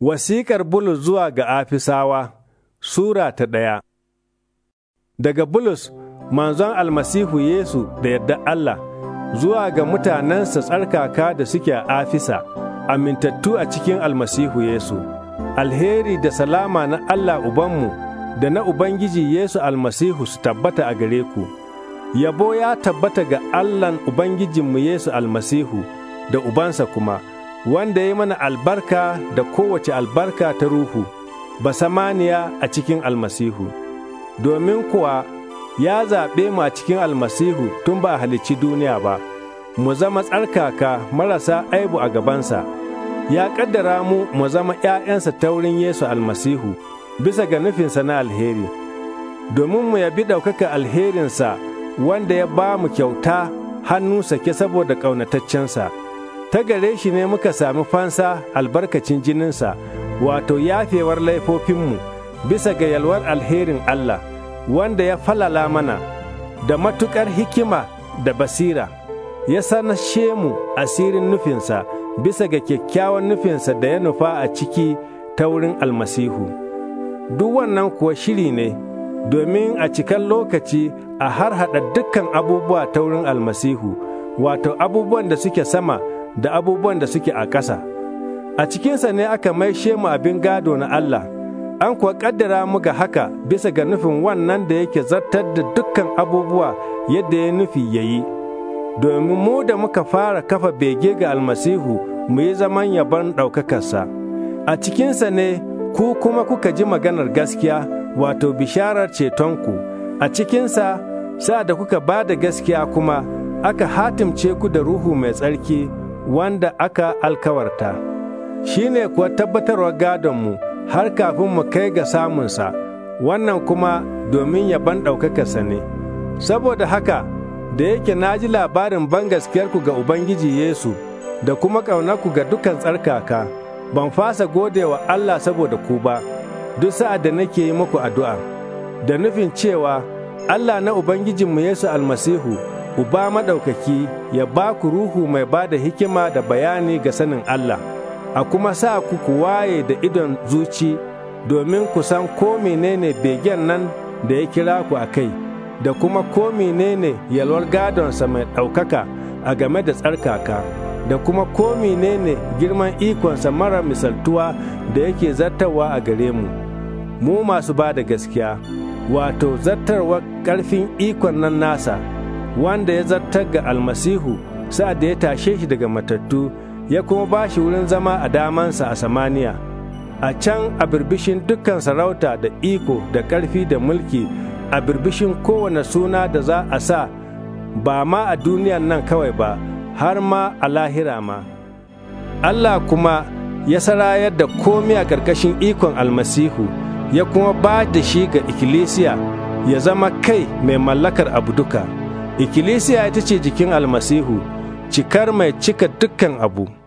Wasikar Bulus zuwa ga Afisawa Sura ta ɗaya Daga Bulus, manzon almasihu Yesu da yadda Allah, zuwa ga mutanensa tsarkaka da suke a Afisa, amintattu a cikin almasihu Yesu, alheri da salama na Allah Ubanmu da na Ubangiji Yesu almasihu su tabbata a gare ku. Yabo ya tabbata ga Allahn Ubangijinmu Yesu almasihu da Ubansa kuma. wanda ya mana albarka da kowace albarka ta ruhu, ba samaniya a cikin almasihu, domin kuwa ya zaɓe mu a cikin almasihu tun ba halicci duniya ba, mu zama tsarkaka marasa aibu a gabansa, ya ƙaddara mu mu zama ‘ya'yansa ta wurin Yesu almasihu, bisa ga nufinsa na alheri, domin mu yabi ɗaukaka alherinsa wanda ya ba mu kyauta hannu sake saboda ƙaunataccensa. ta gare shi ne muka sami fansa albarkacin jininsa wato yafewar laifofinmu bisa ga yalwar alherin Allah wanda ya falala mana da matuƙar hikima da basira ya sanashe mu asirin nufinsa bisa ga kyakkyawan nufinsa da ya nufa a ciki ta wurin almasihu duk wannan kuwa shiri ne domin a cikan lokaci a har hada dukkan abubuwa ta wurin almasihu wato abubuwan da suke sama da abubuwan da suke a ƙasa. A cikinsa ne aka maishe mu abin gado na Allah, an kuwa ƙaddara mu ga haka bisa ga nufin wannan da yake zartar da dukkan abubuwa yadda ya nufi ya yi. Domin mu da muka fara kafa bege ga almasihu mu yi zaman yabon ɗaukakarsa. A cikinsa ne ku kuma kuka ji maganar gaskiya wato bisharar cetonku. A cikinsa sa da kuka ba da gaskiya kuma aka hatimce ku da Ruhu Mai Tsarki. wanda aka alkawarta, shi ne kuwa tabbatarwa gadonmu har kafin mu kai ga samunsa, wannan kuma domin yaban ɗaukakarsa ne. Saboda haka, da yake na ji labarin ban bangaskiyarku ga Ubangiji Yesu da kuma ƙaunarku ga dukan tsarkaka, ban fasa gode wa Allah saboda ku ba, duk sa'ad da nake yi muku addu'a, da nufin cewa Allah na Ubangijinmu Yesu almasihu. Uba maɗaukaki ya ba ku ruhu mai ba da hikima da bayani ga sanin Allah, a kuma sa ku ku waye da idon zuci domin ku san ko menene begen nan da ya kira ku a kai, da kuma ko menene yalwar gadonsa mai ɗaukaka a game da tsarkaka, da kuma ko menene girman ikonsa mara misaltuwa da yake zartarwa a gare mu. Mu masu ba da gaskiya, wato zartarwa ƙarfin ikon nan nasa. wanda ya zartar ga almasihu sa'ad da ya tashe shi daga matattu ya kuma ba shi wurin zama a damansa a samaniya a can a birbishin dukkan sarauta da iko da ƙarfi da mulki a birbishin kowane suna da za a sa ba ma a duniyan nan kawai ba har ma a lahira ma Allah kuma ya sarayar da komi a ƙarƙashin ikon almasihu ya kuma ba da shi ga ikkilisiya ya zama kai mai mallakar abu duka. ikkilisiya ita ce jikin almasihu cikar mai cika dukkan abu